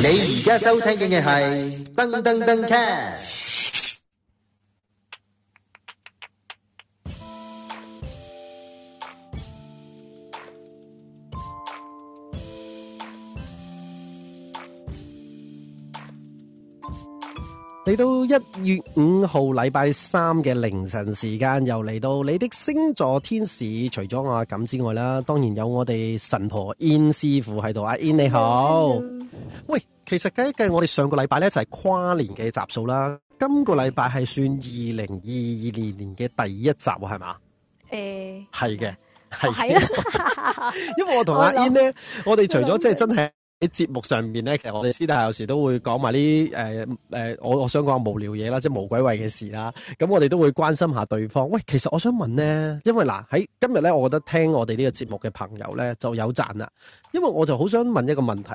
你而家收聽嘅嘢係噔噔噔 cast。嚟到一月五號禮拜三嘅凌晨時間，又嚟到你的星座天使。除咗我阿感之外啦，當然有我哋神婆 In 師傅喺度。阿 In 你好。喂，其實計一計，我哋上個禮拜咧就係跨年嘅集數啦，今個禮拜係算二零二二年嘅第一集是，欸，是是啊，係嘛？誒，係嘅，係嘅。因為我同阿 i a 咧， 我哋除咗即係真係喺節目上面咧， 其實我哋私底下有時候都會講埋啲誒誒，我我想講下無聊嘢啦，即係無鬼謂嘅事啦。咁我哋都會關心下對方。喂，其實我想問咧，因為嗱喺今日咧，我覺得聽我哋呢個節目嘅朋友咧就有讚啦，因為我就好想問一個問題。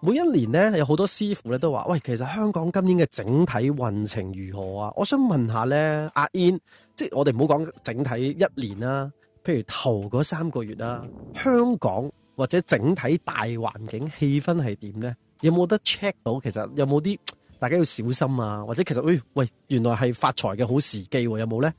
每一年咧，有好多師傅咧都話，喂，其實香港今年嘅整體運程如何啊？我想問下咧，阿 In，即我哋唔好講整體一年啦，啊，譬如頭嗰三個月啦，啊，香港或者整體大環境氣氛係點咧？有冇得 check 到其實有冇啲大家要小心啊？或者其實，喂喂，原來係發財嘅好時機喎，啊？有冇咧？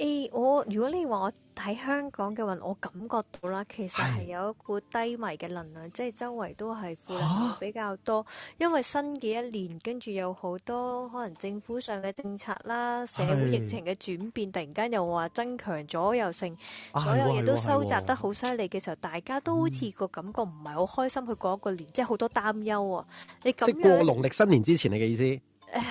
誒，我如果你話我喺香港嘅話，我感覺到啦，其實係有一股低迷嘅能量，即係周圍都係負能量比較多。啊、因為新嘅一年，跟住有好多可能政府上嘅政策啦，社會疫情嘅轉變，突然間又話增強咗，右性，所有嘢都收窄得好犀利嘅時候，大家都好似個感覺唔係好開心、嗯、去過一個年，即係好多擔憂喎。你咁樣，過農曆新年之前，你嘅意思？誒，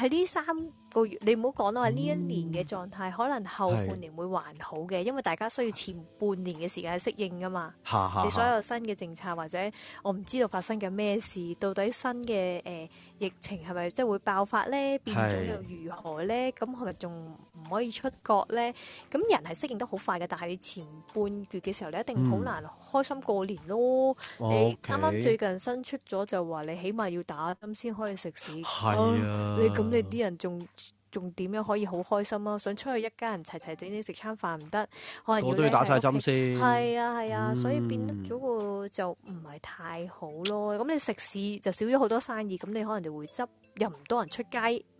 喺呢三。個月你唔好講到話，呢一年嘅狀態可能後半年會還好嘅、嗯，因為大家需要前半年嘅時間適應噶嘛、啊啊。你所有新嘅政策或者我唔知道發生緊咩事，到底新嘅誒、呃、疫情係咪即係會爆發咧？變種又如何咧？咁係咪仲唔可以出國咧？咁人係適應得好快嘅，但係你前半段嘅時候你一定好難開心過年咯。嗯、你啱啱最近新出咗就話你起碼要打針先可以食屎。係、啊啊啊、你咁你啲人仲？仲點樣可以好開心啊？想出去一家人齊齊整整食餐飯唔得，可能要，都要打晒針先。係啊係啊，啊、嗯，所以變咗個就唔係太好咯。咁你食肆就少咗好多生意，咁你可能就會執又唔多人出街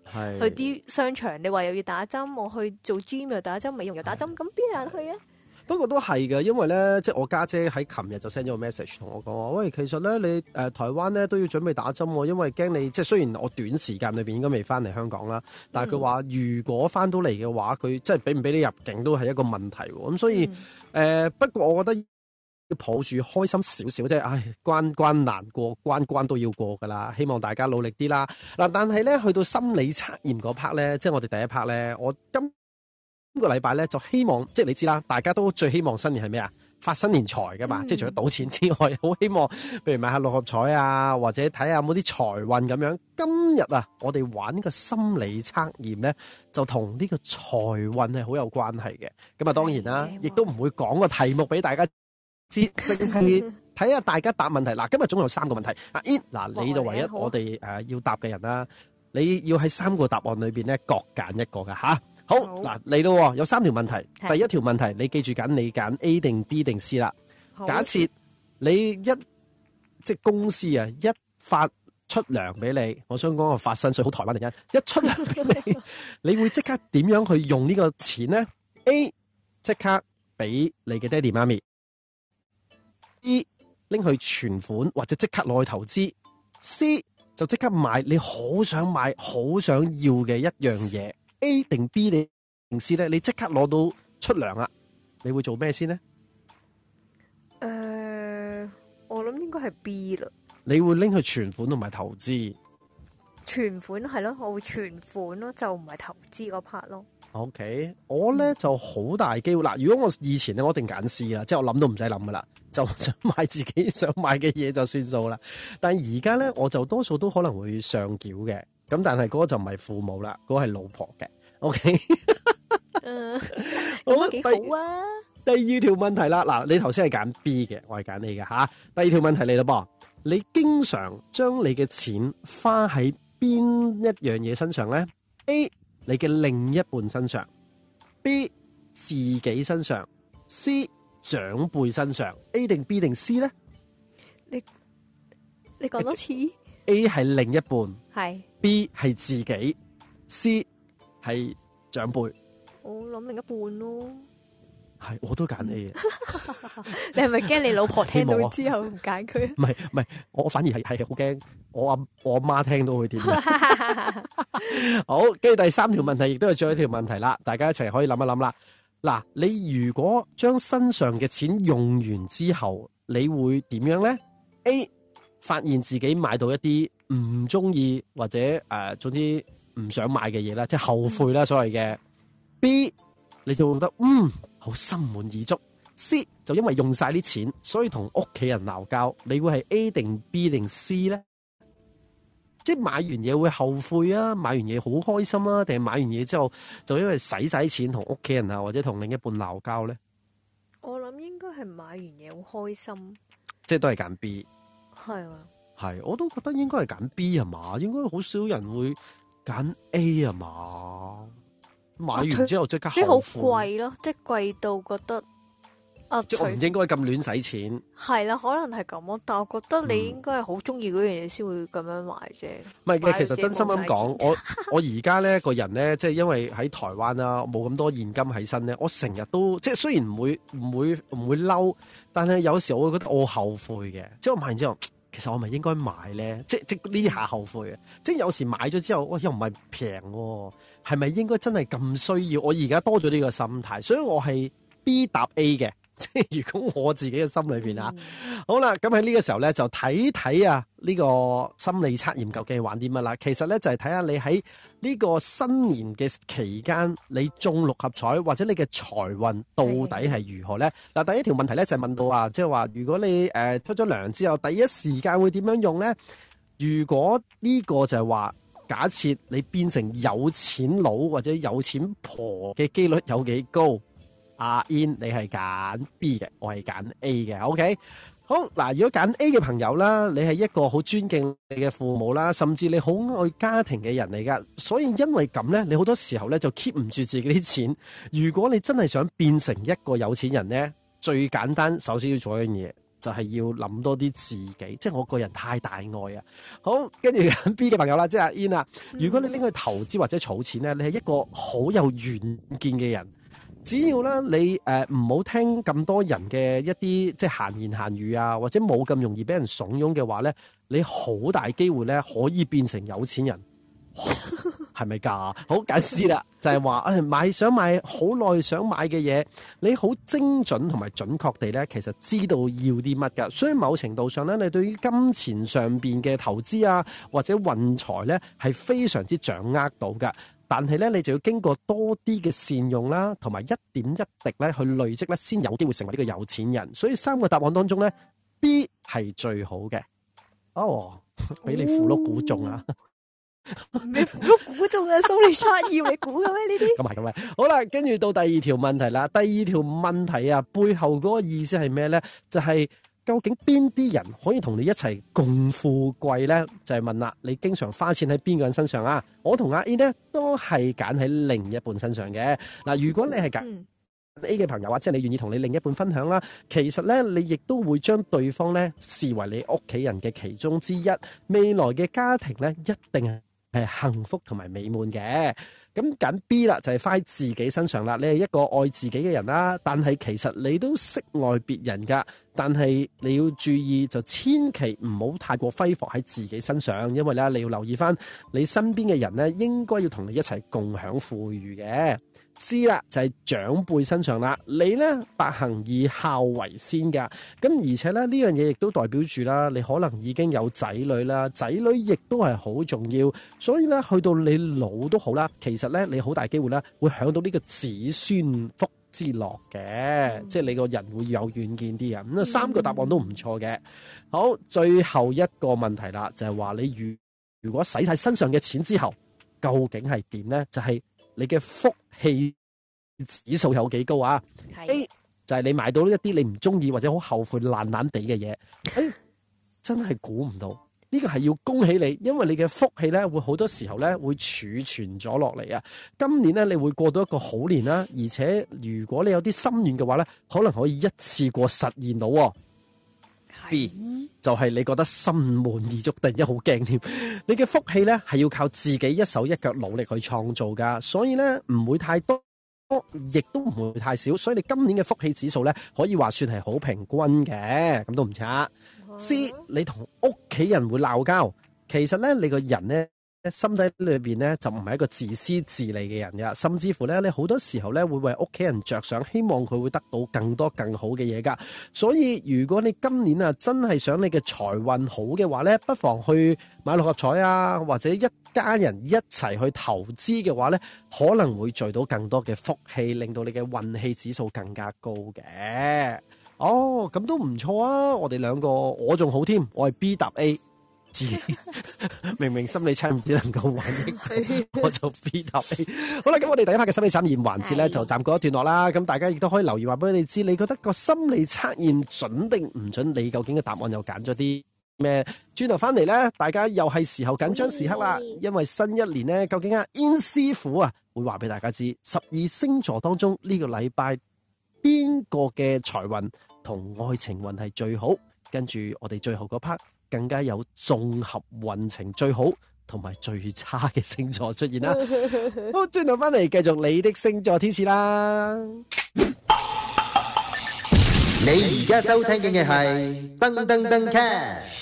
去啲商場。你話又要打針，我去做 gym 又打針，美容又打針，咁邊有人去啊？不過都係嘅，因為咧，即係我家姐喺琴日就 send 咗個 message 同我講話，喂，其實咧你誒、呃、台灣咧都要準備打針喎、喔，因為驚你即係雖然我短時間裏面應該未翻嚟香港啦，但係佢話如果翻到嚟嘅話，佢即係俾唔俾你入境都係一個問題喎。咁所以誒、嗯呃，不過我覺得要抱住要開心少少，即係唉，關關難過，關關都要過㗎啦。希望大家努力啲啦。嗱，但係咧去到心理測驗嗰 part 咧，即係我哋第一 part 咧，我今今個禮拜咧就希望，即係你知啦，大家都最希望新年係咩啊？發新年財噶嘛，嗯、即係除咗賭錢之外，好希望，譬如買下六合彩啊，或者睇下有冇啲財運咁樣。今日啊，我哋玩個心理測驗咧，就同呢個財運係好有關係嘅。咁啊，當然啦，亦都唔會講個題目俾大家知，即係睇下大家答問題。嗱， 今日總共有三個問題。嗱、啊，你就唯一我哋誒要答嘅人啦，你要喺三個答案裏邊咧各揀一個噶吓。啊好嗱，嚟咯，有三條問題。第一條問題，你記住揀，你揀 A 定 B 定 C 啦。假設你一即係公司啊，一發出糧俾你，我想講我發薪水好台灣定一，一出糧俾你， 你會即刻點樣去用呢個錢咧？A 即刻俾你嘅爹哋媽咪，B 拎去存款或者即刻攞去投資，C 就即刻買你好想買好想要嘅一樣嘢。A 定 B 你平時咧，你即刻攞到出糧啦，呃，你會做咩先呢？誒，我諗應該係 B 啦。你會拎去存款同埋投資？存款係咯，我會存款咯，就唔係投資嗰 part 咯。OK，我咧就好大機會啦。如果我以前咧，我一定揀 C 啦，即係我諗都唔使諗噶啦，就想買自己想買嘅嘢就算數啦。但係而家咧，我就多數都可能會上繳嘅。咁但係嗰個就唔係父母啦，嗰個係老婆嘅。O、okay? K， 嗯，好啊，幾好啊。第二條問題啦，嗱，你頭先係揀 B 嘅，我係揀 A 嘅吓。第二條問題嚟咯噃，你經常將你嘅錢花喺邊一樣嘢身上咧？A，你嘅另一半身上；B，自己身上；C，長輩身上。A 定 B 定 C 咧？你你講多次？A 係另一半，係 B 係自己，C。係長輩，我諗另一半咯。係，我都揀你。 你係咪驚你老婆聽到之後唔揀佢？唔係唔係，我反而係係好驚我阿我阿媽聽到會點？ 好，跟住第三條問題亦都係最後一條問題啦。大家一齊可以諗一諗啦。嗱、啊，你如果將身上嘅錢用完之後，你會點樣咧？A，發現自己買到一啲唔中意或者誒、呃，總之。唔想買嘅嘢啦，即係後悔啦，嗯、所謂嘅 B，你就會覺得嗯好心滿意足；C 就因為用晒啲錢，所以同屋企人鬧交。你會係 A 定 B 定 C 咧？即係買完嘢會後悔啊，買完嘢好開心啊，定係買完嘢之後就因為使晒啲錢同屋企人啊或者同另一半鬧交咧？我諗應該係買完嘢好開心，即係都係揀 B，係、啊、係、我都覺得應該係揀 B 係嘛，應該好少人會。揀 A 啊嘛，買完之後即刻後悔、啊、即好貴咯，即係貴到覺得啊，即我唔應該咁亂使錢。係、啊、啦、啊，可能係咁，但我覺得你應該係好中意嗰樣嘢先會咁樣買啫。唔、嗯、係其實真心咁講，我我而家咧個人咧，即係因為喺台灣啦、啊，冇咁多現金喺身咧，我成日都即係雖然唔會唔會唔會嬲，但係有時候我會覺得我後悔嘅，即係我買完之後。其實我咪應該買咧，即係即呢下後悔啊！即係有時買咗之後，喂又唔係平喎，係咪應該真係咁需要？我而家多咗呢個心態，所以我係 B 答 A 嘅。即 係如果我自己嘅心裏邊啊、嗯，好啦，咁喺呢個時候咧就睇睇啊呢、呢個心理測驗究竟係玩啲乜啦。其實咧就係睇下你喺呢個新年嘅期間，你中六合彩或者你嘅財運到底係如何咧。嗱，第一條問題咧就係、是、問到啊，即係話如果你誒出咗糧之後，第一時間會點樣用咧？如果呢個就係話假設你變成有錢佬或者有錢婆嘅幾率有幾高？阿 In 你係揀 B 嘅，我係揀 A 嘅。OK，好嗱。如果揀 A 嘅朋友啦，你係一個好尊敬你嘅父母啦，甚至你好愛家庭嘅人嚟噶。所以因為咁咧，你好多時候咧就 keep 唔住自己啲錢。如果你真係想變成一個有錢人咧，最簡單首先要做一樣嘢，就係要諗多啲自己。即係我個人太大愛啊。好，跟住揀 B 嘅朋友啦，即係 In 啦。如果你拎去投資或者儲錢咧，你係一個好有遠見嘅人。只要咧你誒唔好聽咁多人嘅一啲即係閒言閒語啊，或者冇咁容易俾人慫恿嘅話咧，你好大機會咧可以變成有錢人，係咪㗎？好，解釋啦，就係話誒買想買好耐想買嘅嘢，你好精準同埋準確地咧，其實知道要啲乜㗎。所以某程度上咧，你對於金錢上面嘅投資啊，或者運財咧係非常之掌握到㗎。但係咧，你就要經過多啲嘅善用啦，同埋一點一滴咧去累積咧，先有機會成為呢個有錢人。所以三個答案當中咧，B 係最好嘅。哦，和俾你符碌估中啊！你符碌估中啊！心理 測驗你估嘅咩呢啲？咁啊咁啊，好啦，跟住到第二條問題啦。第二條問題啊，背後嗰個意思係咩咧？就係、是。究竟邊啲人可以同你一齊共富貴呢？就係問啦，你經常花錢喺邊個人身上啊？我同阿 A 呢，都係揀喺另一半身上嘅。嗱，如果你係揀 A 嘅朋友，或者你願意同你另一半分享啦，其實呢，你亦都會將對方呢，視為你屋企人嘅其中之一，未來嘅家庭呢，一定係幸福同埋美滿嘅。咁揀 B 啦，就係花喺自己身上啦。你係一個愛自己嘅人啦，但係其實你都識愛別人噶。但係你要注意，就千祈唔好太過揮霍喺自己身上，因為咧你要留意翻你身邊嘅人咧，應該要同你一齊共享富裕嘅。知啦，就係長輩身上啦。你呢，百行以孝為先噶。咁而且咧，呢樣嘢亦都代表住啦，你可能已經有仔女啦，仔女亦都係好重要。所以咧，去到你老都好啦，其實呢，你好大機會呢會享到呢個子孫福之樂嘅、嗯。即係你個人會有遠見啲啊。咁啊，三個答案都唔錯嘅、嗯。好，最後一個問題啦，就係、是、話你如如果使晒身上嘅錢之後，究竟係點呢？就係、是、你嘅福。氣指數有幾高啊？誒，A，就係你買到一啲你唔中意或者好後悔爛爛地嘅嘢。誒，真係估唔到，呢、這個係要恭喜你，因為你嘅福氣咧會好多時候咧會儲存咗落嚟啊！今年咧你會過到一個好年啦、啊，而且如果你有啲心願嘅話咧，可能可以一次過實現到喎、啊。B 就係你覺得心滿意足，突然間好驚添。你嘅福氣呢係要靠自己一手一腳努力去創造噶，所以呢唔會太多，亦都唔會太少。所以你今年嘅福氣指數呢，可以話算係好平均嘅，咁都唔差。C，你同屋企人會鬧交，其實呢你個人呢。心底裏邊咧就唔係一個自私自利嘅人噶甚至乎咧你好多時候咧會為屋企人着想，希望佢會得到更多更好嘅嘢噶。所以如果你今年啊真係想你嘅財運好嘅話咧，不妨去買六合彩啊，或者一家人一齊去投資嘅話咧，可能會聚到更多嘅福氣，令到你嘅運氣指數更加高嘅。哦，咁都唔錯啊！我哋兩個我仲好添，我係 B 答 A。 明明心理測驗只能夠揾， 我就必答你。 好啦，咁我哋第一 part 嘅心理測驗環節咧，就暫告一段落啦。咁大家亦都可以留言，話俾你知，你覺得個心理測驗準定唔準？你究竟嘅答案又揀咗啲咩？轉頭翻嚟咧，大家又係時候緊張時刻啦，因為新一年呢，究竟啊 In 師傅啊，會話俾大家知十二星座當中呢、這個禮拜邊個嘅財運同愛情運係最好？跟住我哋最後嗰 part。更加有綜合運程最好同埋最差嘅星座出現啦。好，轉頭翻嚟繼續你的星座天使啦。你而家收聽緊嘅係噔噔噔 cast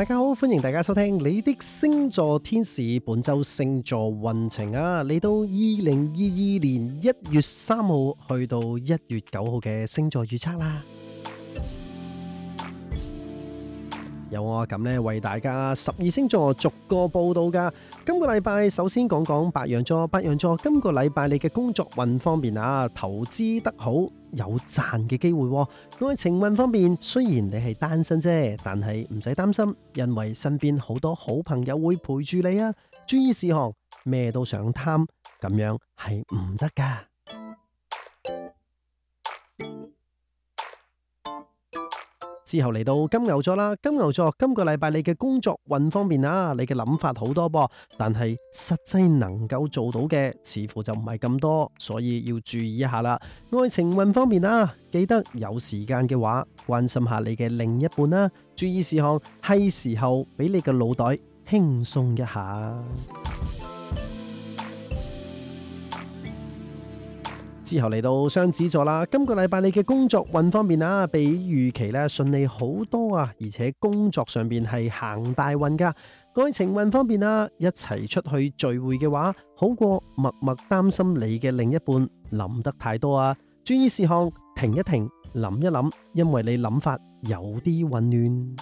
大家好，歡迎大家收聽你的星座天使。本周星座運程啊，嚟到二零二二年一月三號去到一月九號嘅星座預測啦。有我咁咧，為大家十二星座逐個報道噶今個禮拜首先講講白羊座，白羊座今個禮拜你嘅工作運方面啊，投資得好有賺嘅機會。愛情運方面，雖然你係單身啫，但係唔使擔心，因為身邊好多好朋友會陪住你啊。注意事項，咩都想貪，咁樣係唔得噶之後嚟到金牛座啦，金牛座今個禮拜你嘅工作運方面啊，你嘅諗法好多噃，但係實際能夠做到嘅似乎就唔係咁多，所以要注意一下啦。愛情運方面啊，記得有時間嘅話關心下你嘅另一半啦。注意事項係時候俾你嘅腦袋輕鬆一下。之後嚟到雙子座啦，今個禮拜你嘅工作運方面啊，比預期咧順利好多啊，而且工作上邊係行大運噶，愛情運方面啊，一齊出去聚會嘅話，好過默默擔心你嘅另一半諗得太多啊，注意事項，停一停，諗一諗，因為你諗法有啲混亂。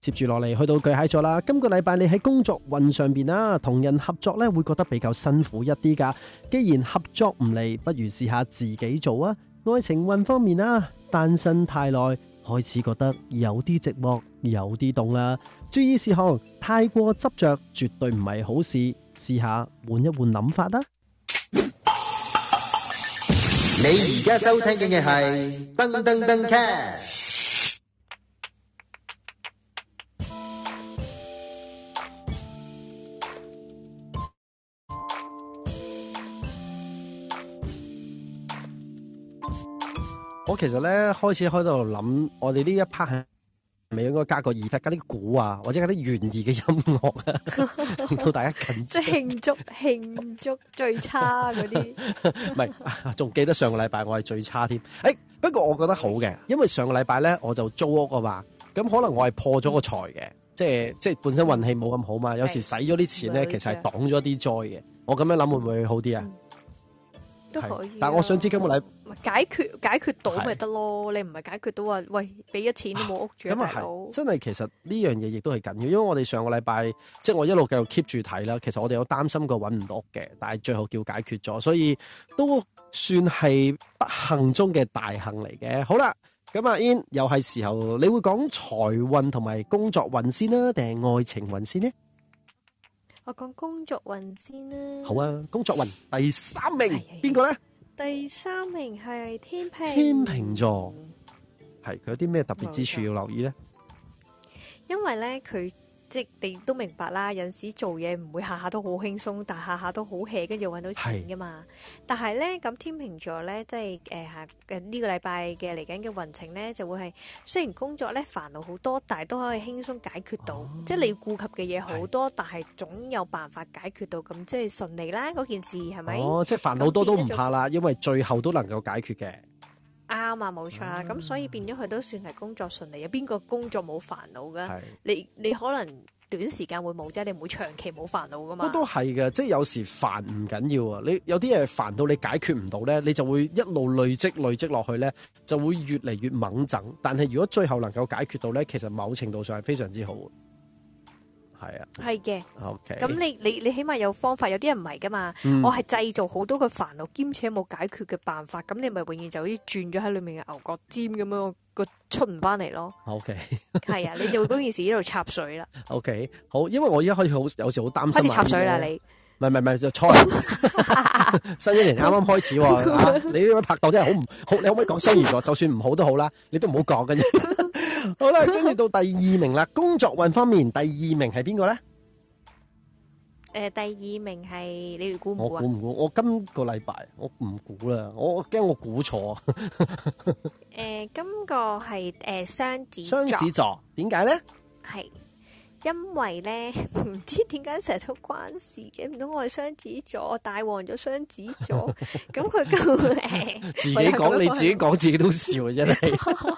接住落嚟，去到巨蟹座啦。今個禮拜你喺工作運上邊啦，同人合作咧會覺得比較辛苦一啲噶。既然合作唔嚟，不如試下自己做啊。愛情運方面啦，單身太耐，開始覺得有啲寂寞，有啲凍啦。注意事項，太過執着絕對唔係好事，試下換一換諗法啦。你而家收聽嘅係噔噔噔 cast。我其實咧開始喺度諗，我哋呢一 part 係咪應該加個二拍，加啲鼓啊，或者加啲懸疑嘅音樂啊，令 到大家緊張。即係慶祝慶祝最差嗰啲，唔 係， 仲記得上個禮拜我係最差添。誒、欸，不過我覺得好嘅，因為上個禮拜咧我就租屋啊嘛，咁可能我係破咗個財嘅、嗯，即係即係本身運氣冇咁好嘛，有時使咗啲錢咧，其實係擋咗啲災嘅。我咁樣諗會唔會好啲啊？嗯都可以、啊，但我想知今個禮解決解決到咪得咯。你唔係解決到啊？喂，俾咗錢都冇屋住得到。咁啊係，真係其實呢樣嘢亦都係緊要，因為我哋上個禮拜即係我一路繼續 keep 住睇啦。其實我哋有擔心過揾唔到屋嘅，但係最後叫解決咗，所以都算係不幸中嘅大幸嚟嘅。好啦，咁阿 In 又係時候，你會講財運同埋工作運先啦、啊，定係愛情運先呢、啊？我講工作運先啦。好啊，工作運第三名邊個咧？第三名係天秤。天秤座係佢有啲咩特別之處要留意咧？因為咧佢。即係你都明白啦，有陣時做嘢唔會下下都好輕鬆，但下下都好 hea，跟住搵到錢噶嘛。但係咧咁天秤座咧，即係誒、呃這個、下誒呢個禮拜嘅嚟緊嘅運程咧，就會係雖然工作咧煩惱好多，但係都可以輕鬆解決到。哦、即係你要顧及嘅嘢好多，但係總有辦法解決到咁，即係順利啦。嗰件事係咪？哦，即係煩惱多都唔怕啦，因為最後都能夠解決嘅。啱啊，冇錯啊，咁、嗯、所以變咗佢都算係工作順利。有邊個工作冇煩惱㗎？你你可能短時間會冇啫，你唔會長期冇煩惱噶嘛。都係嘅，即係有時煩唔緊要啊。你有啲嘢煩到你解決唔到咧，你就會一路累積累積落去咧，就會越嚟越猛整。但係如果最後能夠解決到咧，其實某程度上係非常之好。係啊，係、okay，嘅。咁你你你起碼有方法，有啲人唔係噶嘛。嗯、我係製造好多嘅煩惱，兼且冇解決嘅辦法。咁你咪永遠就好似轉咗喺裏面嘅牛角尖咁樣個出唔翻嚟咯。OK，係 啊，你就會嗰件事呢度插水啦。OK，好，因為我而家開始好，有時好擔心。開始插水啦，你。唔係唔係唔係，就初新一年啱啱開始喎。你呢位拍檔真係好唔好？你可唔可以講雙魚座，就算唔好都好啦，你都唔好講嘅。好啦，跟住到第二名啦。工作運方面，第二名係邊個咧？誒、呃，第二名係，你估唔估？我估唔估？我今個禮拜我唔估啦，我驚我估錯啊。誒、 呃，今個係誒雙子，雙子座點解咧？係因為咧，唔知點解成日都關事嘅，唔通我係雙子座，大旺咗雙子座，咁佢夠誒，自己講你自己講 自己都笑，真係。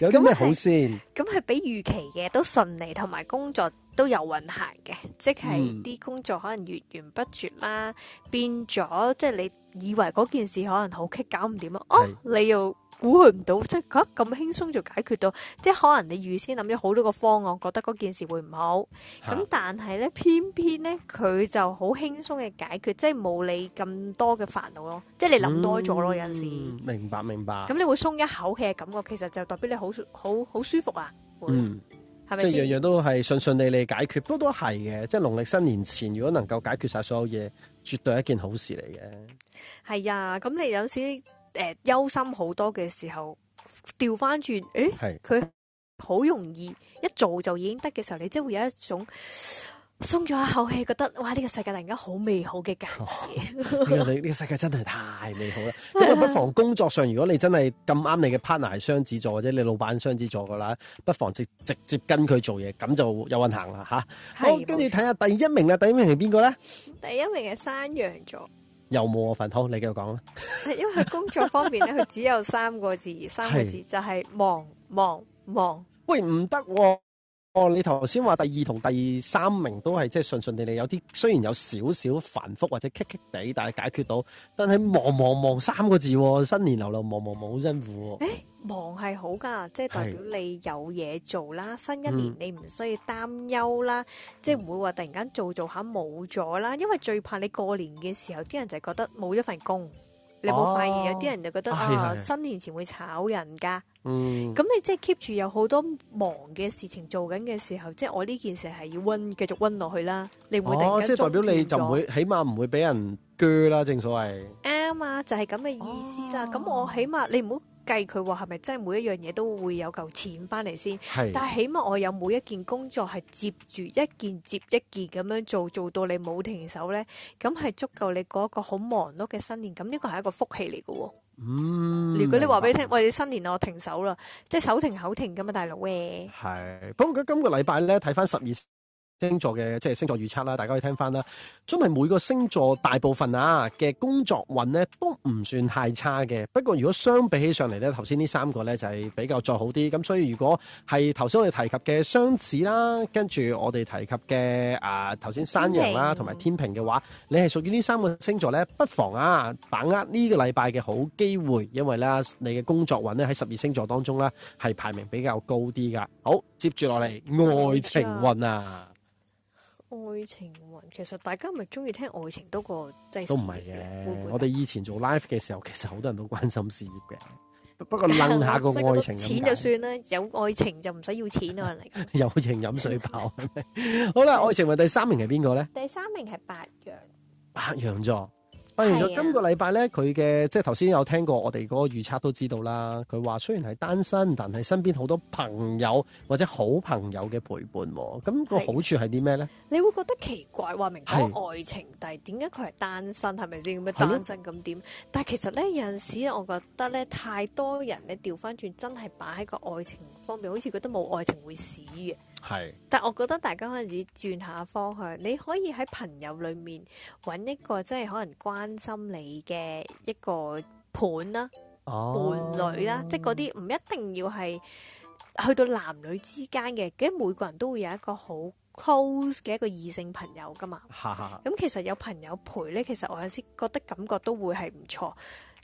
有啲咩好先？咁係比預期嘅，都順利，同埋工作都有運行嘅，即係啲工作可能源源不絕啦。嗯、變咗，即係你以為嗰件事可能好棘，搞唔掂啊！哦，你要。估佢唔到，即係覺得咁輕鬆就解決到，即係可能你預先諗咗好多個方案，覺得嗰件事會唔好。咁但係咧，偏偏咧佢就好輕鬆嘅解決，即係冇你咁多嘅煩惱咯。即係你諗多咗咯，有陣時。明白，明白。咁你會鬆一口氣嘅感覺，其實就代表你好好好舒服啊。嗯，係咪即係樣樣都係順順利利解決，不過都係嘅。即係農曆新年前，如果能夠解決曬所有嘢，絕對係一件好事嚟嘅。係啊，咁你有時。誒、呃，憂心好多嘅時候，調翻轉，誒、欸，佢好容易一做就已經得嘅時候，你即係會有一種鬆咗一口氣，覺得哇，呢、這個世界突然間好美好嘅感覺，呢個世界真係太美好啦！咁啊，不妨工作上，如果你真係咁啱，你嘅 partner 係雙子座，或 者你老闆雙子座噶啦，不妨直直接跟佢做嘢，咁就有運行啦吓、啊。好，跟住睇下第一名啦，第一名係邊個咧？第一名係山羊座。又冇我份好，你繼續講啦。 因為工作方面咧，佢只有三個字， 三個字係就係、係、忙忙忙。喂，唔得喎！你頭先話第二同第三名都係即係順順哋哋，有啲雖然有少少繁複或者棘棘地，但係解決到。但係忙忙忙三個字、哦，新年流流忙忙忙好辛苦、哦。 忙係好噶，即係代表你有嘢做啦。新一年你唔需要擔憂啦，即係唔會話突然間做做下冇咗啦。因為最怕你過年嘅時候，啲人就係覺得冇咗份工。你有冇發現有啲人就覺得啊，新年前會炒人㗎？嗯，咁你即係 keep 住有好多忙嘅事情做緊嘅時候，即係我呢件事係要温繼續温落去啦。你唔會突然間哦，即係代表你就唔會，起碼唔會俾人鋸啦。正所謂啱啊，就係咁嘅意思啦。咁我起碼你唔好。計佢話係咪真係每一樣嘢都會有嚿錢翻嚟先？但係起碼我有每一件工作係接住一件接一件咁樣做，做到你冇停手呢，咁係足夠你嗰個好忙碌嘅新年。咁呢個係一個福氣嚟嘅。嗯，如果你話俾你聽，喂、哎，你新年我停手啦，即係手停口停咁嘛，大佬誒。係，不過今個禮拜呢，睇翻十二。星座嘅即係星座預測啦，大家可以聽翻啦。因為每個星座大部分啊嘅工作運咧都唔算太差嘅，不過如果相比起上嚟咧，頭先呢三個咧就係、是、比較再好啲。咁所以如果係頭先我哋提及嘅雙子啦，跟住我哋提及嘅啊頭先山羊啦、啊，同埋天秤嘅話，你係屬於呢三個星座咧，不妨啊把握呢個禮拜嘅好機會，因為咧你嘅工作運咧喺十二星座當中咧係排名比較高啲噶。好，接住落嚟，愛情運啊！愛情運，其實大家咪中意聽愛情多過？都唔係嘅。我哋以前做 live 嘅時候，其實好多人都關心事業嘅。不過諗下個愛情， 錢就算啦，有愛情就唔使要錢啊嚟。有 情飲水飽。 好啦，愛情運第三名係邊個咧？第三名係白羊，白羊座。啊、今個禮拜呢，佢嘅即係頭先有聽過我哋嗰個預測都知道啦。佢話雖然係單身，但係身邊好多朋友或者好朋友嘅陪伴，咁個好處係啲咩呢？你會覺得奇怪，話明係愛情，是但係點解佢係單身？係咪先咁樣單身咁點？但係其實呢，有陣時我覺得呢，太多人呢調翻轉，真係擺喺個愛情方面，好似覺得冇愛情會死嘅。係，但係我覺得大家開始轉下方向，你可以喺朋友裏面揾一個即係可能關心你嘅一個伴啦，伴、oh. 侶啦，即係嗰啲唔一定要係去到男女之間嘅，咁每個人都會有一個好 close 嘅一個異性朋友噶嘛。咁 其實有朋友陪呢，其實我有時覺得感覺都會係唔錯。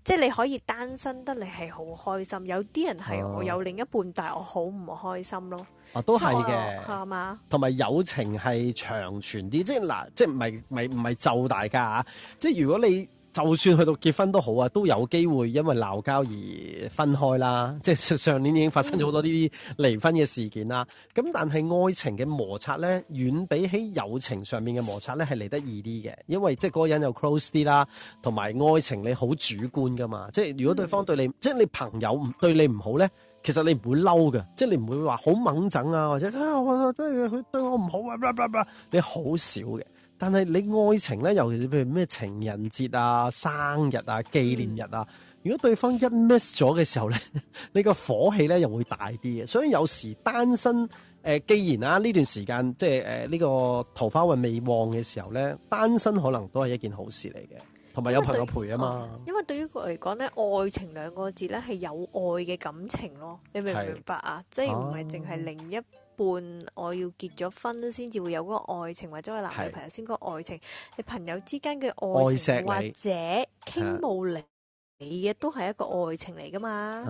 即係你可以單身得你係好開心，有啲人係我有另一半，哦、但係我好唔開心咯。啊，都係嘅，係嘛？同埋友情係長存啲，即係嗱，即係唔係唔係唔係就大家啊！即係如果你。就算去到結婚都好啊，都有機會因為鬧交而分開啦。即係上年已經發生咗好多呢啲離婚嘅事件啦。咁但係愛情嘅摩擦咧，遠比起友情上面嘅摩擦咧係嚟得易啲嘅，因為即係嗰個人又 close 啲啦，同埋愛情你好主觀噶嘛。即係如果對方對你，嗯、即係你朋友對你唔好咧，其實你唔會嬲嘅，即係你唔會話好猛憎啊，或者、哎、啊，我真係佢對我唔好啊，blah blah blah 你好少嘅。但係你愛情咧，尤其是譬如咩情人節啊、生日啊、紀念日啊，嗯、如果對方一 miss 咗嘅時候咧，你個火氣咧又會大啲嘅。所以有時單身、呃、既然啊呢段時間即係呢、呃呢個桃花運未旺嘅時候咧，單身可能都係一件好事嚟嘅，同埋有朋友陪啊嘛。因為對於佢嚟講咧，愛情兩個字咧係有愛嘅感情咯，你明唔明白啊？即係唔係淨係另一伴我要結咗婚先至會有嗰個愛情，或者我男女朋友先嗰愛情，你朋友之間嘅愛情愛或者傾慕你嘅都係一個愛情嚟㗎嘛？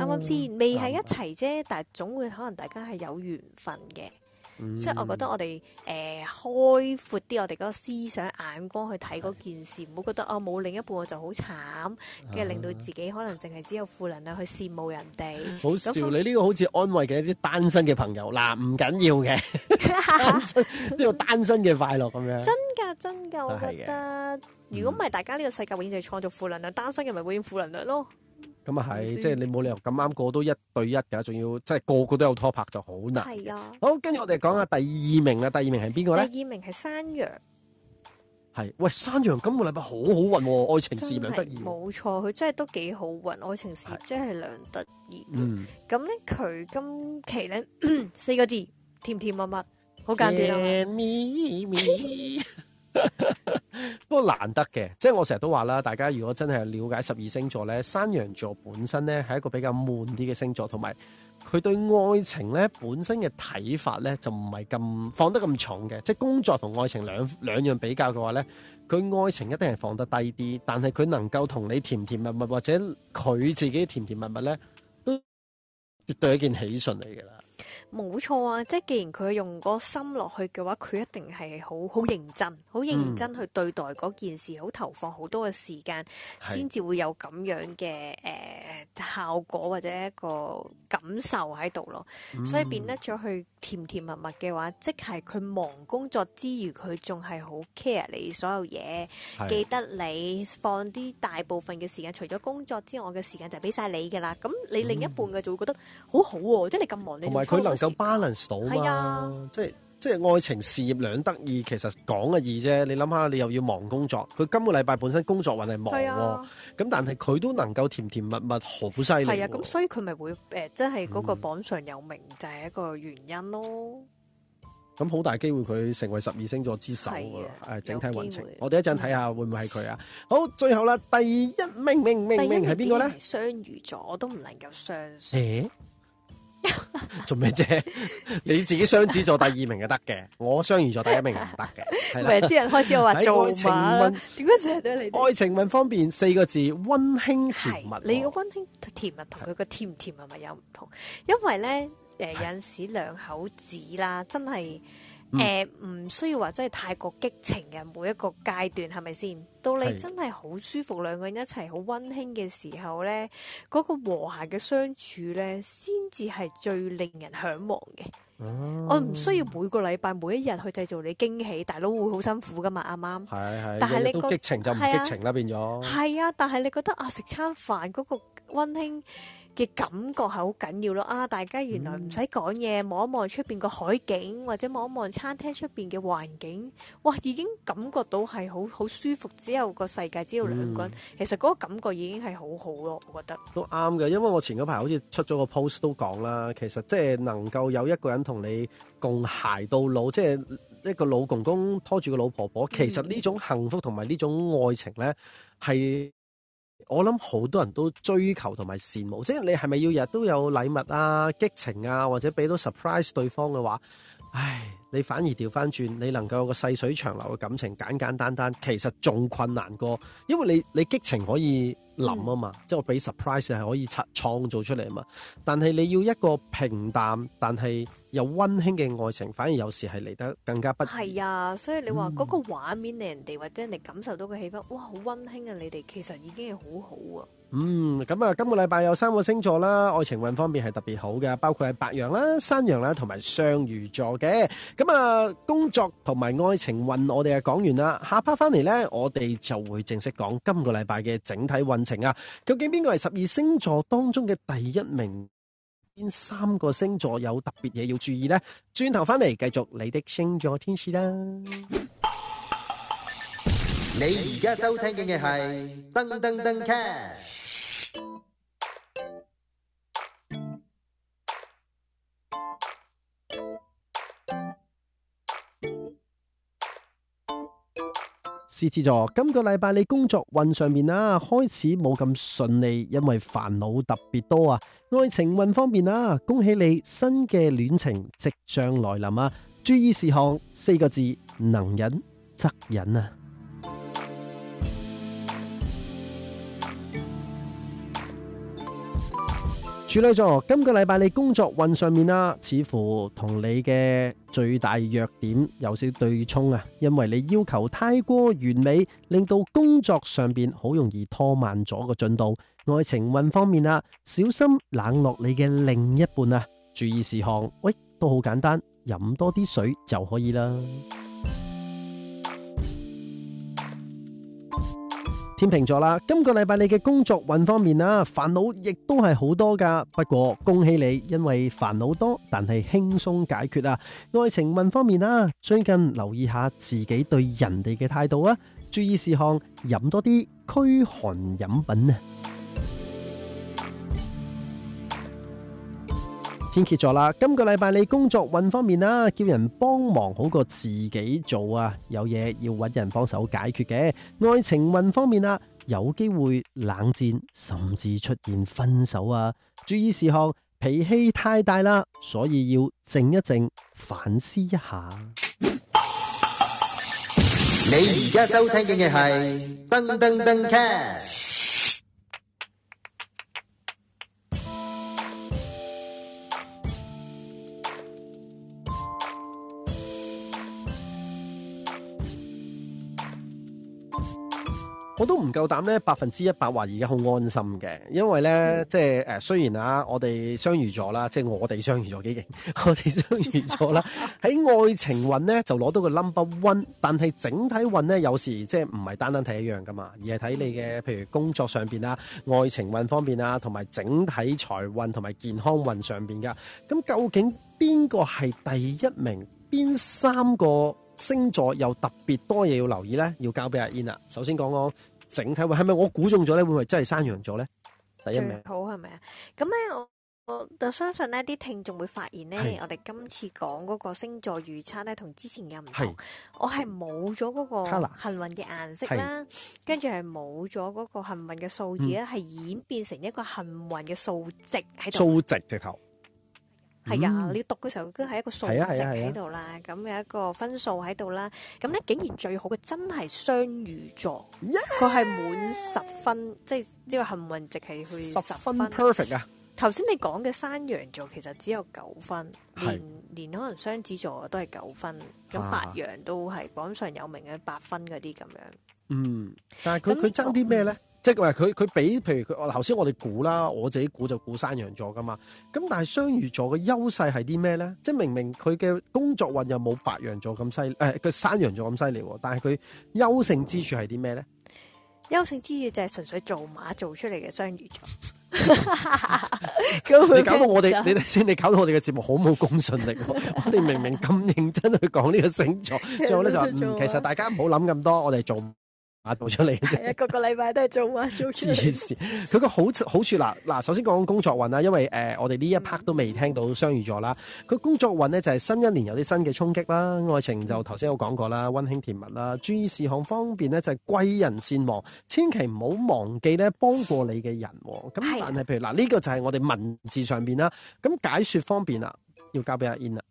啱啱先，未係一齊啫，但係總會可能大家係有緣分嘅。嗯、所以，我覺得我哋誒、呃、開闊啲，我哋嗰個思想眼光去睇嗰件事，唔好覺得哦冇另一半我就好慘，嘅、啊、令到自己可能淨係只有負能量去羨慕人哋。好笑你呢個好似安慰緊一啲單身嘅朋友，嗱唔緊要嘅，呢 個單身嘅 快樂咁樣。真㗎真㗎，我覺得是如果唔係大家呢個世界永遠就係創造負能量，嗯、單身嘅咪永遠負能量咯。咁啊，係，即係你冇理由咁啱個都一對一噶仲要即係個個都有拖拍就好難。係啊。好，跟住我哋講下第二名啊，第二名係邊個咧第二名係山羊。係，喂，山羊今個禮拜好好運、哦，愛情事兩得意。冇錯，佢真係都幾好運，愛情事真係兩得意。咁咧佢、嗯、今期咧四個字，甜甜蜜蜜，好簡短啊。Yeah, me, me. 不 過難得嘅，即係我成日都話啦，大家如果真係了解十二星座呢，山羊座本身呢係一個比較悶啲嘅星座，同埋佢對愛情呢本身嘅睇法呢就唔係咁放得咁重嘅，即係工作同愛情兩兩樣比較嘅話呢，佢愛情一定係放得低啲，但係佢能夠同你甜甜蜜蜜或者佢自己甜甜蜜蜜呢，都絕對一件喜訊嚟嘅啦。冇錯啊！即係既然佢用個心落去嘅話，佢一定係好好認真、好認真去對待嗰件事，好投放好多嘅時間，先、嗯、至會有咁樣嘅、呃、效果或者一個感受喺度咯。所以變得咗佢甜甜蜜蜜嘅話，即係佢忙工作之餘，佢仲係好 care 你所有嘢、嗯，記得你放啲大部分嘅時間，除咗工作之外嘅時間就俾晒你噶啦。咁你另一半嘅就會覺得、嗯、好好喎、啊，即係你咁忙，你夠 balance 到嘛？啊、即係即係愛情事業兩得意，其實講嘅易啫。你諗下，你又要忙工作，佢今個禮拜本身工作運係忙，咁、啊、但係佢都能夠甜甜蜜蜜，好犀利。係啊，咁所以佢咪會誒，即係嗰個榜上有名就係一個原因咯。咁、嗯、好大機會佢成為十二星座之首嘅，誒、啊，整體運程。我哋一陣睇下會唔會係佢啊？好，最後啦，第一名，名名名係邊個咧？雙魚座我都唔能夠相信。欸做咩啫？ 你自己雙子座第二名就得嘅， 我雙魚座第一名唔得嘅。係 啦是的，啲 人開始話做話，點解寫到你？愛情運方面四個字，温馨甜蜜。你個温馨甜蜜同佢個甜唔甜蜜咪有唔同？因為咧，誒，有陣時兩口子啦，真係。誒、嗯、唔、呃、需要話真係太過激情嘅每一個階段係咪先？到你真係好舒服，兩個人一齊好温馨嘅時候呢，嗰、那個和諧嘅相處呢，先至係最令人嚮往嘅、嗯。我唔需要每個禮拜每一日去製造你驚喜，大佬會好辛苦噶嘛？啱啱？係係，但係你激情就唔激情啦，變咗。係啊，但係你覺得啊，食餐飯嗰、那個温馨。嘅感覺係好緊要咯啊！大家原來唔使講嘢，望一望出邊個海景，或者望一望餐廳出邊嘅環境，哇！已經感覺到係好好舒服。只有個世界只有兩個人，其實嗰個感覺已經係好好咯。我覺得都啱嘅，因為我前嗰排好似出咗個 post 都講啦。其實即係能夠有一個人同你共諧到老，即係一個老公公拖住個老婆婆。其實呢種幸福同埋呢種愛情呢係。我諗好多人都追求同埋羨慕，即係你係咪要日都有禮物啊、激情啊，或者俾到 surprise 對方嘅話？唉，你反而調翻轉，你能夠有個細水長流嘅感情簡簡單單，其實仲困難過，因為你你激情可以諗啊嘛，嗯、即係我俾 surprise 係可以創造出嚟啊嘛，但係你要一個平淡，但係，有溫馨嘅愛情，反而有時係嚟得更加不易。係啊，所以你話嗰個畫面令人哋或者人哋感受到嘅氣氛，哇，好溫馨啊！你哋其實已經係好好啊。嗯，咁啊，今個禮拜有三個星座啦，愛情運方面係特別好嘅，包括係白羊啦、山羊啦同埋雙魚座嘅。咁啊，工作同埋愛情運，我哋啊講完啦，下 part 翻嚟咧，我哋就會正式講今個禮拜嘅整體運程啊。究竟邊個係十二星座當中嘅第一名？邊三個星座有特別嘢要注意呢？轉頭翻嚟繼續你的星座天使啦！你而家收聽嘅係噔噔噔 cast。獅子座，今個禮拜你工作運上面啊，開始冇咁順利，因為煩惱特別多啊。愛情運方面啊，恭喜你新嘅戀情即將來臨啊！注意事項四個字，能忍則忍啊。處女座，今個禮拜你工作運上面啊，似乎同你嘅最大弱點有少少對沖啊，因為你要求太過完美，令到工作上面好容易拖慢咗個進度。愛情運方面啊，小心冷落你嘅另一半啊，注意事項。喂，都好簡單，飲多啲水就可以啦。天秤座啦，今個禮拜你嘅工作運方面啊，煩惱亦都係好多噶。不過恭喜你，因為煩惱多，但係輕鬆解決啊。愛情運方面啊，最近留意下自己對人哋嘅態度啊，注意事項，飲多啲驅寒飲品啊。天蠍座啦，今個禮拜你工作運方面啊，叫人幫忙好過自己做啊，有嘢要搵人幫手解決嘅。愛情運方面啊，有機會冷戰，甚至出現分手啊。注意事項，脾氣太大啦，所以要靜一靜，反思一下。你而家收聽嘅嘢係《噔噔噔卡》。我都唔夠膽咧，百分之一百話而家好安心嘅，因為咧，即係誒，雖然啊，我哋雙魚座啦，即係我哋雙魚座幾勁，我哋雙魚座啦。喺愛情運咧就攞到個 number one，但係整體運咧有時即係唔係單單睇一樣噶嘛，而係睇你嘅譬如工作上面啊、愛情運方面啊，同埋整體財運同埋健康運上面噶。咁究竟邊個係第一名？邊三個星座又特別多嘢要留意咧？要交俾阿燕啦。首先講講。整體話係咪我估中咗咧？會唔會真係山羊咗咧？第一名最好係咪啊？咁咧我就相信呢啲聽眾會發現咧，我哋今次講嗰個星座預測咧，同之前有唔同。我係冇咗嗰個幸運嘅顏色啦，跟住係冇咗嗰個幸運嘅數字咧，係、嗯、演變成一個幸運嘅數值喺度。數值直頭。係啊，你讀嘅時候都係一個數值喺度啦，咁有一個分數喺度啦，咁咧竟然最好嘅真係雙魚座，佢係滿十分，即係呢個幸運值係去十分 perfect 啊。頭先你講嘅山羊座其實只有九分，連連可能雙子座都係九分，咁白羊都係榜上有名嘅八分嗰啲咁樣。嗯，但係佢佢爭啲咩咧？即係話佢佢畀，譬如佢，我頭先我哋估啦，我自己估就估山羊座噶嘛。咁但係雙魚座嘅優勢係啲咩咧？即係明明佢嘅工作運又冇白羊座咁犀誒，佢山羊座咁犀利，但係佢優勝之處係啲咩咧？優勝之處就係純粹做馬做出嚟嘅雙魚座。你搞到我哋，你睇先，你搞到我哋嘅節目好冇公信力。我哋明明咁認真去講呢個星座，最後咧就話，嗯，其實大家唔好諗咁多，我哋做。啊，到出嚟一、啊、個個禮拜都係做啊，做出嚟。意佢個好好處嗱嗱，首先講工作運啦，因為誒、呃，我哋呢一 part 都未聽到雙魚座啦。佢工作運咧就係新一年有啲新嘅衝擊啦，愛情就頭先有講過啦，温馨甜蜜啦。注意事項方面咧就係貴人善忘，千祈唔好忘記咧幫過你嘅人。咁但係譬如嗱，呢、這個就係我哋文字上邊啦。咁解說方面啦要交俾阿 In 啊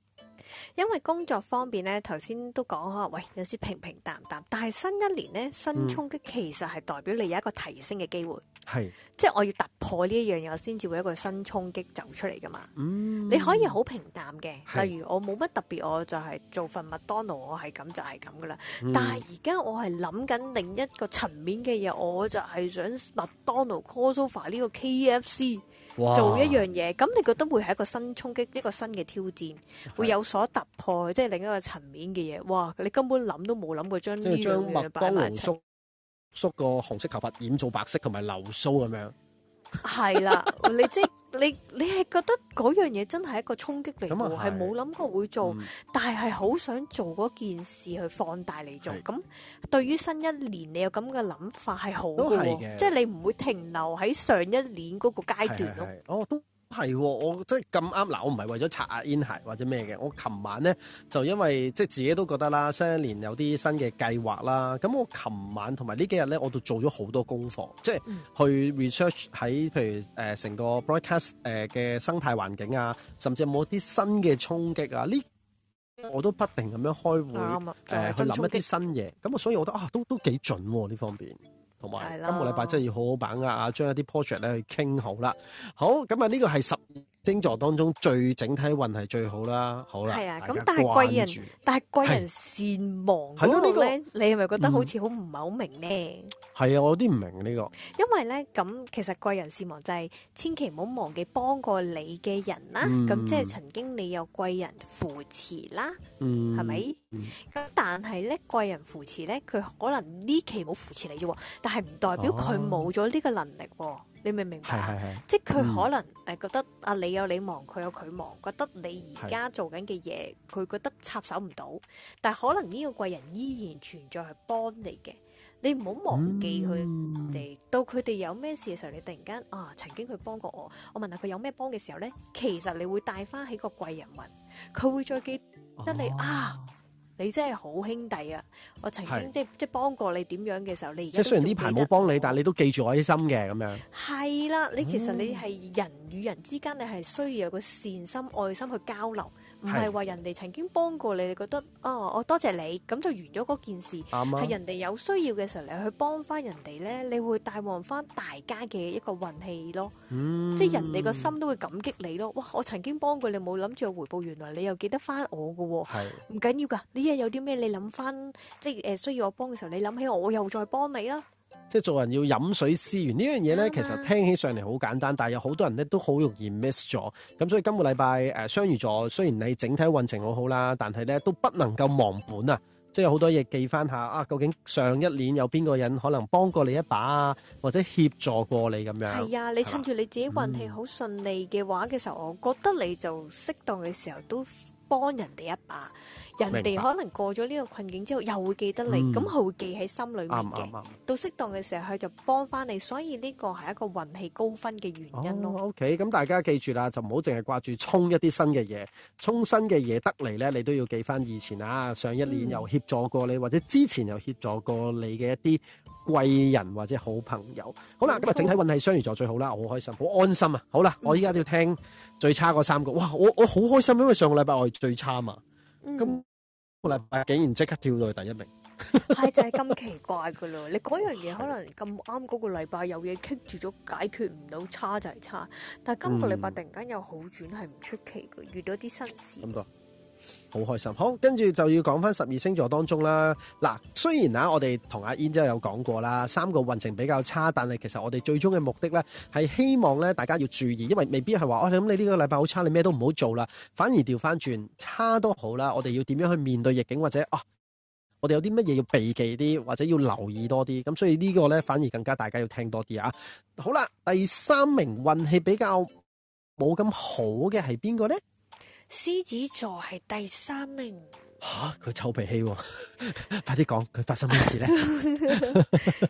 因為工作方面咧，頭先都講好喂，有啲平平淡淡，但係新一年咧，新衝擊其實係代表你有一個提升嘅機會，係、嗯，即係我要突破呢一樣嘢，我先至會一個新衝擊走出嚟噶嘛。嗯，你可以好平淡嘅、嗯，例如我冇乜特別，我就係做份麥當勞，我係咁就係咁噶啦。但係而家我係諗緊另一個層面嘅嘢，我就係想麥當勞、Crossover 呢個 KFC。做一樣嘢，咁你覺得會係一個新衝擊，一個新嘅挑戰，會有所突破，即係另一個層面嘅嘢。哇！你根本諗都冇諗去將麥當勞叔叔個紅色頭髮染做白色同埋流蘇咁樣。係啦，你即 你你係覺得嗰樣嘢真係一個衝擊嚟喎，係冇諗過會做，嗯、但係好想做嗰件事去放大嚟做。咁對於新一年，你有咁嘅諗法係好嘅，即係、就是、你唔會停留喺上一年嗰個階段咯。係、哦，我即係咁啱嗱，我唔係為咗擦阿 In 鞋或者咩嘅。我琴晚咧就因為即係自己都覺得啦，新一年有啲新嘅計劃啦。咁我琴晚同埋呢幾日咧，我都做咗好多功課，即係去 research 喺譬如誒成、呃、個 broadcast 誒、呃、嘅生態環境啊，甚至有冇啲新嘅衝擊啊？呢、這個、我都不停咁樣開會誒、啊就是呃、去諗一啲新嘢。咁所以我覺得啊，都都幾準呢、啊、方面。同埋今個禮拜真係要好好把握啊，將一啲 project 咧去傾好啦。好，咁啊呢個係十星座當中最整體運係最好啦，好啦。係啊，咁但係貴人，但係貴人善忘。係咯，呢、啊呢個你係咪覺得好似好唔係好明呢？係啊，我有啲唔明呢、呢個。因為咧，咁其實貴人善忘就係千祈唔好忘記幫過你嘅人啦。咁即係曾經你有貴人扶持啦，係、嗯、咪？咁、嗯、但係咧，貴人扶持咧，佢可能呢期冇扶持你啫，但係唔代表佢冇咗呢個能力、啊。哦你明唔明白嗎？係係。即係佢可能誒覺得、嗯啊、你有你忙，佢有佢忙，覺得你而家做緊嘅嘢，佢覺得插手唔到。但係可能呢個貴人依然存在係幫你嘅，你唔好忘記佢哋、嗯。到佢哋有咩事嘅時候，你突然間啊，曾經佢幫過我。我問下佢有咩幫嘅時候咧，其實你會帶翻起個貴人運，佢會再記得你、哦、啊。你真係好兄弟啊！我曾經即係即係幫過你點樣嘅時候，你而家雖然呢排冇幫你、哦，但你都記住我啲心嘅咁樣。係啦，你其實你係人與人之間，你係需要有個善心、愛心去交流。唔係話人哋曾經幫過你，你覺得哦，我多謝你，咁就完咗嗰件事。係人哋有需要嘅時候你去幫翻人哋咧，你會帶旺翻大家嘅一個運氣咯。嗯、即係人哋個心都會感激你咯。哇，我曾經幫過你，冇諗住我回報，原來你又記得翻我噶。唔緊要噶，呢日有啲咩你諗翻，即係誒需要我幫嘅時候，你諗起我，我又再幫你啦。即係做人要飲水思源呢樣嘢呢，其實聽起上嚟好簡單，啊、但係有好多人呢都好容易 miss 咗。咁所以今個禮拜誒雙魚座，雖然你整體運程好好啦，但係呢都不能夠忘本啊！即係有好多嘢記翻下啊，究竟上一年有邊個人可能幫過你一把啊，或者協助過你咁樣。係啊是，你趁住你自己運氣好順利嘅話嘅時候，我覺得你就適當嘅時候都幫人哋一把。人哋可能過咗呢個困境之後，又會記得你，咁佢、嗯、會記喺心裏面嘅、嗯嗯嗯。到適當嘅時候，佢就幫翻你。所以呢個係一個運氣高分嘅原因咯。OK，咁大家記住啦，就唔好淨係掛住衝一啲新嘅嘢，衝新嘅嘢得嚟呢，你都要記翻以前啊，上一年又協助過你，嗯、或者之前又協助過你嘅一啲貴人或者好朋友。好啦，嗯、今日整體運氣雙魚座最好啦，我好開心，好安心啊！好啦，我依家都要聽最差嗰三個。哇，我我好開心，因為上個禮拜我係最差嘛。咁、嗯個禮拜竟然即刻跳到去第一名 係就係咁奇怪噶咯。你嗰樣嘢可能咁啱嗰個禮拜有嘢棘住咗，解決唔到，差就係差。但係今個禮拜突然間有好轉，係唔出奇噶，遇到啲新事咁。好開心，好，跟住就要講翻十二星座當中啦。嗱，雖然啊，我哋同阿 In 姐有講過啦，三個運程比較差，但係其實我哋最終嘅目的呢，係希望呢大家要注意，因為未必係話，我、哎、諗你呢個禮拜好差，你咩都唔好做啦。反而調翻轉，差都好啦，我哋要點樣去面對逆境，或者啊，我哋有啲乜嘢要避忌啲，或者要留意多啲。咁所以呢個呢，反而更加大家要聽多啲啊。好啦，第三名運氣比較冇咁好嘅係邊個呢？獅子座係第三名，吓，佢臭脾氣、啊， 快啲講佢發生咩事咧？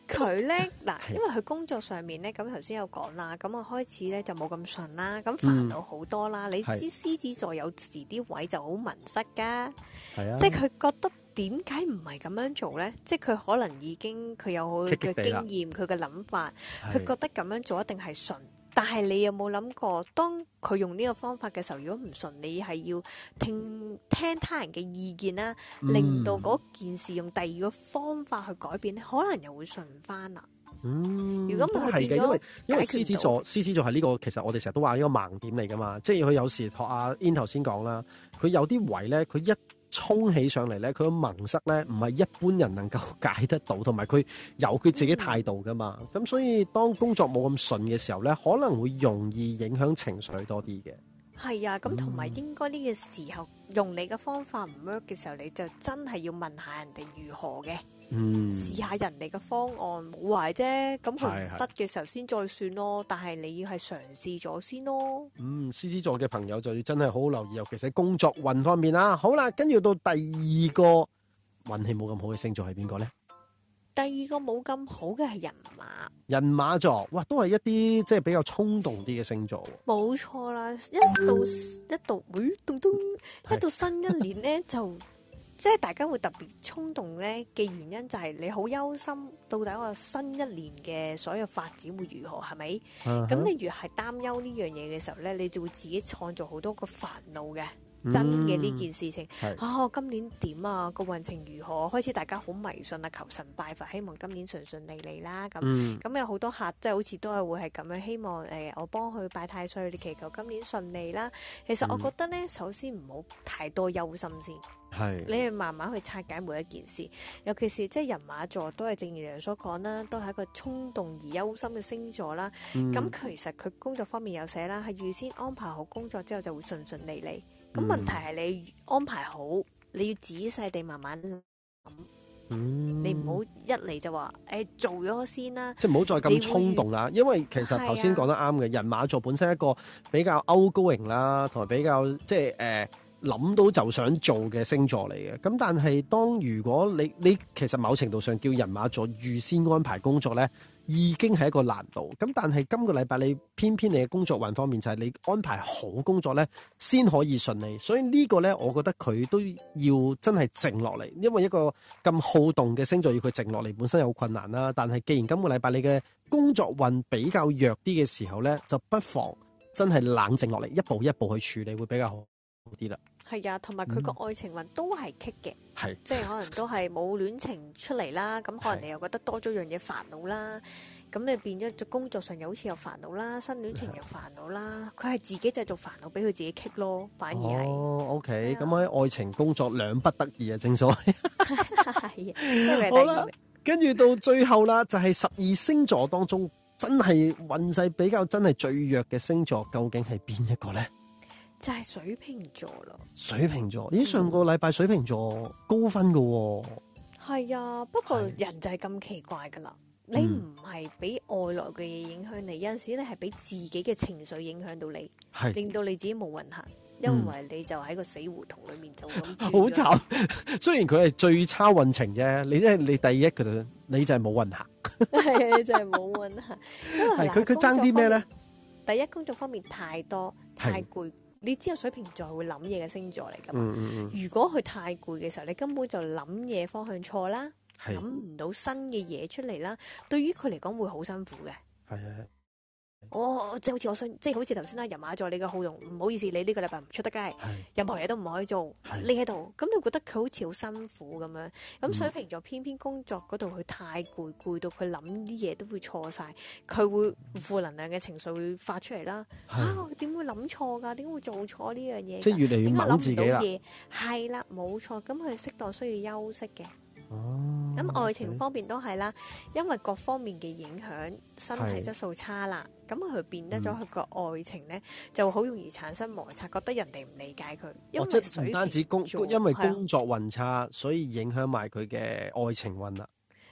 佢咧，嗱，因為佢工作上面咧，咁頭先有講啦，咁我開始咧就冇咁順啦，咁煩惱好多啦、嗯。你知獅子座有時啲位就好懵塞噶，即係佢覺得點解唔係咁樣做咧？即係佢可能已經佢有好嘅經驗，佢嘅諗法，佢覺得咁樣做一定係順。但係你有冇諗過，當佢用呢個方法嘅時候，如果唔順，你係要聽聽他人嘅意見啦，令到嗰件事用第二個方法去改變咧，可能又會順翻啦。嗯，如果唔係嘅，因為因為獅子座，獅子座係呢個其實我哋成日都話呢個盲點嚟噶嘛，即係佢有時學阿 In 頭先講啦，佢有啲位咧，佢一。衝起上嚟咧，佢個盟塞咧，唔係一般人能夠解得到，同埋佢有佢自己態度噶嘛。咁所以當工作冇咁順嘅時候咧，可能會容易影響情緒多啲嘅。係啊，咁同埋應該呢個時候用你嘅方法唔 work 嘅時候，你就真係要問下人哋如何嘅。嗯，試下人哋嘅方案冇壞啫，咁佢得嘅時候先再算咯。是是但係你要係嘗試咗先咯。嗯，獅子座嘅朋友就要真係好好留意，尤其是工作運方面啦。好啦，跟住到第二個運氣冇咁好嘅星座係邊個咧？第二個冇咁好嘅係人馬。人馬座，哇，都係一啲即係比較衝動啲嘅星座。冇錯啦，一到、嗯、一到、哎，咚咚，一到新一年咧就。 即係大家會特別衝動咧嘅原因，就係你好憂心到底我新一年嘅所有發展會如何，係咪？咁，uh-huh，你越係擔憂呢樣嘢嘅時候咧，你就會自己創造好多個煩惱嘅。真嘅呢件事情、嗯、啊！今年點啊？個運程如何？開始大家好迷信啊，求神拜佛，希望今年順順利利啦。咁咁、嗯、有好多客即係好似都係會係咁樣，希望誒、呃、我幫佢拜太歲，你祈求今年順利啦。其實我覺得呢，嗯、首先唔好太多憂心先，你係慢慢去拆解每一件事，尤其是即係人馬座都係正如人所講啦，都係一個衝動而憂心嘅星座啦。咁、嗯、其實佢工作方面有寫啦，係預先安排好工作之後就會順順利利。咁問題係你安排好、嗯，你要仔細地慢慢諗、嗯，你唔好一嚟就話誒、哎、做咗先啦、啊，即係唔好再咁衝動啦。因為其實頭先講得啱嘅、啊，人馬座本身一個比較 outgoing 型啦，同埋比較即係誒諗到就想做嘅星座嚟嘅。咁但係當如果你你其實某程度上叫人馬座預先安排工作咧，已經係一個難度，咁但係今個禮拜你偏偏你嘅工作運方面就係你安排好工作呢先可以順利。所以呢個呢，我覺得佢都要真係靜落嚟，因為一個咁好動嘅星座要佢靜落嚟，本身有困難啦。但係既然今個禮拜你嘅工作運比較弱啲嘅時候呢，就不妨真係冷靜落嚟，一步一步去處理會比較好。啲啦，係啊，同埋佢個愛情運都係棘嘅，係、嗯，即係可能都係冇戀情出嚟啦。咁可能你又覺得多咗樣嘢煩惱啦，咁你變咗工作上又好似有煩惱啦，新戀情又煩惱啦。佢係自己製造煩惱俾佢自己棘咯，反而係。哦，OK，咁、哎、喺愛情工作兩不得意啊，正所謂。係 好啦，跟住到最後啦，就係、是、十二星座當中真係運勢比較真係最弱嘅星座，究竟係邊一個咧？就係、是、水瓶座咯，水瓶座，咦、嗯？上個禮拜水瓶座高分㗎喎。哦，係啊。不過人就係咁奇怪㗎啦，你唔係俾外來嘅嘢影響你，嗯、有陣時咧係俾自己嘅情緒影響到你，係令到你自己冇運行、嗯，因為你就喺個死胡同裏面走。好慘！雖然佢係最差運程啫，你即係你第一，佢你就係冇運行，就係冇運行。係佢佢爭啲咩咧？第一工作方面太多，太攰。你知有水瓶座會諗嘢嘅星座嚟噶嘛、嗯嗯嗯，如果佢太攰嘅時候，你根本就諗嘢方向錯啦，諗唔到新嘅嘢出嚟啦，對於佢嚟講會好辛苦嘅。係啊。我即係好似我想，即係好似頭先啦，人馬座你嘅好用，唔好意思，你呢個禮拜唔出得街，任何嘢都唔可以做，你喺度，咁你會覺得佢好似好辛苦咁樣？咁水瓶座偏偏工作嗰度佢太攰，攰到佢諗啲嘢都會錯晒，佢會負能量嘅情緒會發出嚟啦。啊，點會諗錯㗎？點會做錯呢樣嘢？即係越嚟越諗自己啦。係啦，冇錯，咁佢適當需要休息嘅。哦，咁、嗯、愛情方面都係啦，okay. 因為各方面嘅影響，身體質素差啦，咁佢變得咗佢個愛情咧、嗯，就好容易產生摩擦，覺得人哋唔理解佢。因為、哦、即唔單止工，因為工作運差、啊，所以影響埋佢嘅愛情運啦。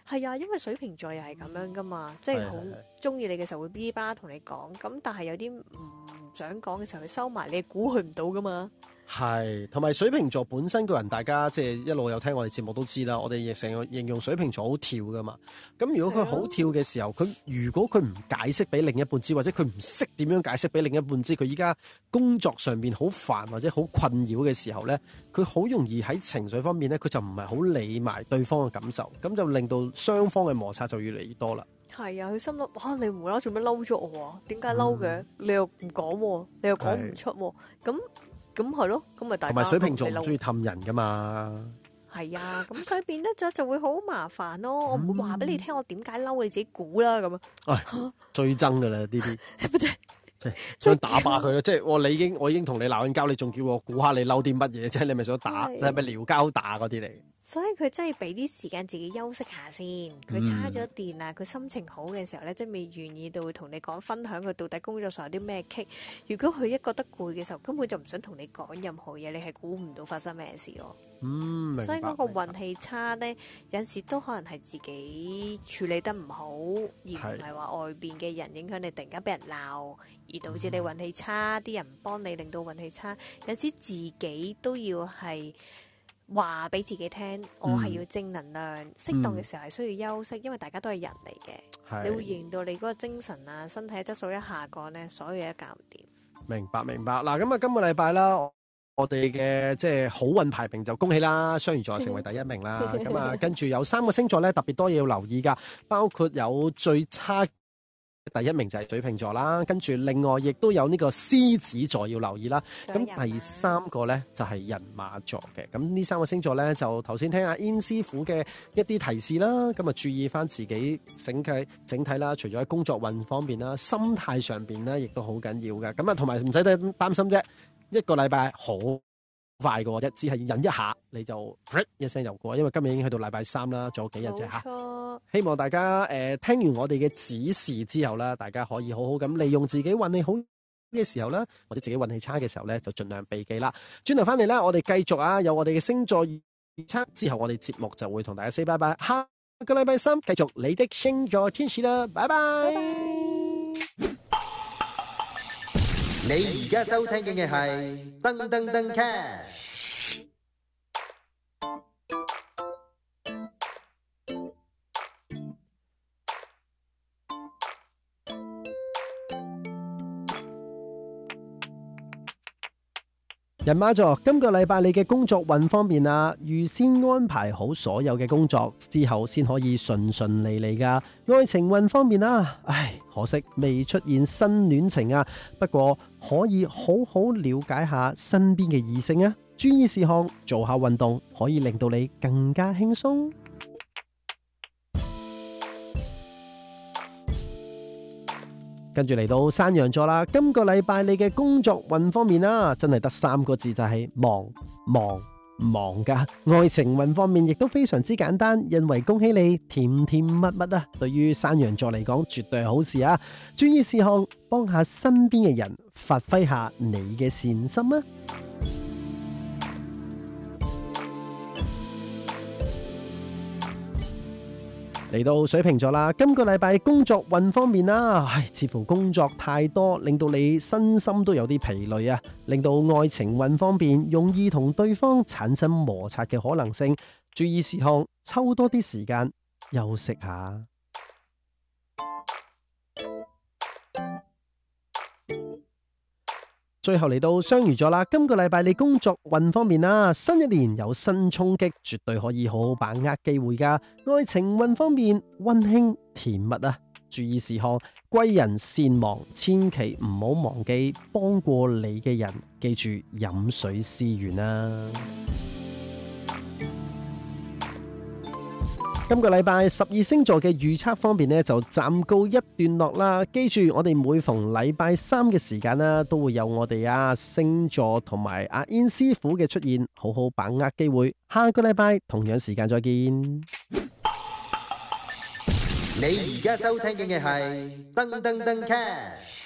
係啊，因為水瓶座又係咁樣噶嘛，嗯、即係好中意你嘅時候會噼里啪啦同你講，咁但係有啲唔想講嘅時候，佢收埋，你估佢唔到噶嘛。係，同埋水瓶座本身個人，大家即係一路有聽我哋節目都知啦。我哋亦成日形容水瓶座好跳噶嘛。咁如果佢好跳嘅時候，佢、啊、如果佢唔解釋俾另一半知，或者佢唔識點樣解釋俾另一半知，佢依家工作上面好煩或者好困擾嘅時候咧，佢好容易喺情緒方面咧，佢就唔係好理埋對方嘅感受，咁就令到雙方嘅摩擦就越嚟越多啦。係啊，佢心諗哇，你無啦啦做咩嬲咗我啊？點解嬲嘅？你又唔講喎，你又講唔出喎，咁。咁係咯，咁咪大家同埋水瓶座唔中意氹人噶嘛。係啊，咁所以變得咗就會好麻煩咯。我唔會話俾你聽，我點解嬲，你自己估啦。咁啊、哎，最憎噶啦呢啲，想打爆佢咯。 即係我你已經我已經同你鬧緊交，你仲叫我估下你嬲啲乜嘢啫？你咪想打，係咪撩交打嗰啲嚟？所以佢真係俾啲時間自己休息下先。佢差咗電啊！佢心情好嘅時候呢，真係願意到會同你講分享佢到底工作上有啲咩棘。如果佢一覺得攰嘅時候，根本就唔想同你講任何嘢。你係估唔到發生咩事咯。嗯，明白。所以嗰個運氣差呢，有時都可能係自己處理得唔好，而唔係話外面嘅人影響你，突然間俾人鬧，而導致你運氣差。啲、嗯、人唔幫你，令到運氣差。有時自己都要係。話俾自己聽，我係要正能量，適、嗯、當嘅時候係需要休息，嗯，因為大家都係人嚟嘅，你會遇到你嗰個精神啊、身體質素一下降咧，所有嘢都搞唔掂。明白，明白。嗱，咁啊，今個禮拜啦，我哋嘅即係好運排名就恭喜啦，雙魚座成為第一名啦。咁 啊，跟住有三個星座咧特別多嘢要留意噶，包括有最差，第一名就係水瓶座啦，跟住另外亦都有呢個獅子座要留意啦。咁第三個咧就係人馬座嘅。咁呢三個星座咧就頭先聽阿煙師傅嘅一啲提示啦。咁啊注意翻自己整體整體啦，除咗喺工作運方面啦，心態上面咧亦都好緊要嘅。咁啊同埋唔使得擔心啫，一個禮拜好快嘅啫、哦，只係忍一下你就一聲又過，因為今日已經去到禮拜三啦，仲有幾日啫嚇。希望大家誒、呃、聽完我哋嘅指示之後啦，大家可以好好咁利用自己運氣好嘅時候啦，或者自己運氣差嘅時候咧，就盡量避忌啦。轉頭翻嚟咧，我哋繼續啊，有我哋嘅星座預測之後，我哋節目就會同大家 say bye bye。下個禮拜三繼續你的星座天使啦，拜拜。Bye bye。你而家收聽嘅係噔登登 cast 人馬座，今個禮拜你嘅工作運方面啊，預先安排好所有嘅工作之後，先可以順順利利㗎。愛情運方面啊，唉，可惜未出現新戀情啊，不過可以好好了解下身邊嘅異性啊。注意事項，做下運動可以令到你更加輕鬆。跟住嚟到山羊座啦，今個禮拜你嘅工作運方面啦，真係得三個字就係忙忙忙噶。愛情運方面亦都非常之簡單，因為恭喜你甜甜蜜蜜啊！對於山羊座嚟講，絕對好事啊！注意事項，幫下身邊嘅人，發揮下你嘅善心啊！嚟到水瓶座啦，今個禮拜工作運方面啦，唉，似乎工作太多，令到你身心都有啲疲累啊，令到愛情運方面容易同對方產生摩擦嘅可能性，注意事項，抽多啲時間休息下。最後嚟到雙魚座啦！今個禮拜你工作運方面啦，新一年有新衝擊，絕對可以好好把握機會噶。愛情運方面溫馨甜蜜啊，注意事項，貴人善忘，千祈唔好忘記幫過你嘅人，記住飲水思源啊。今個禮拜十二星座嘅預測方面呢，就暫告一段落啦。記住，我哋每逢禮拜三嘅時間啦，都會有我哋啊星座同埋阿燕師傅嘅出現，好好把握機會。下個禮拜同樣時間再見。你而家收聽緊嘅係噔噔噔 c a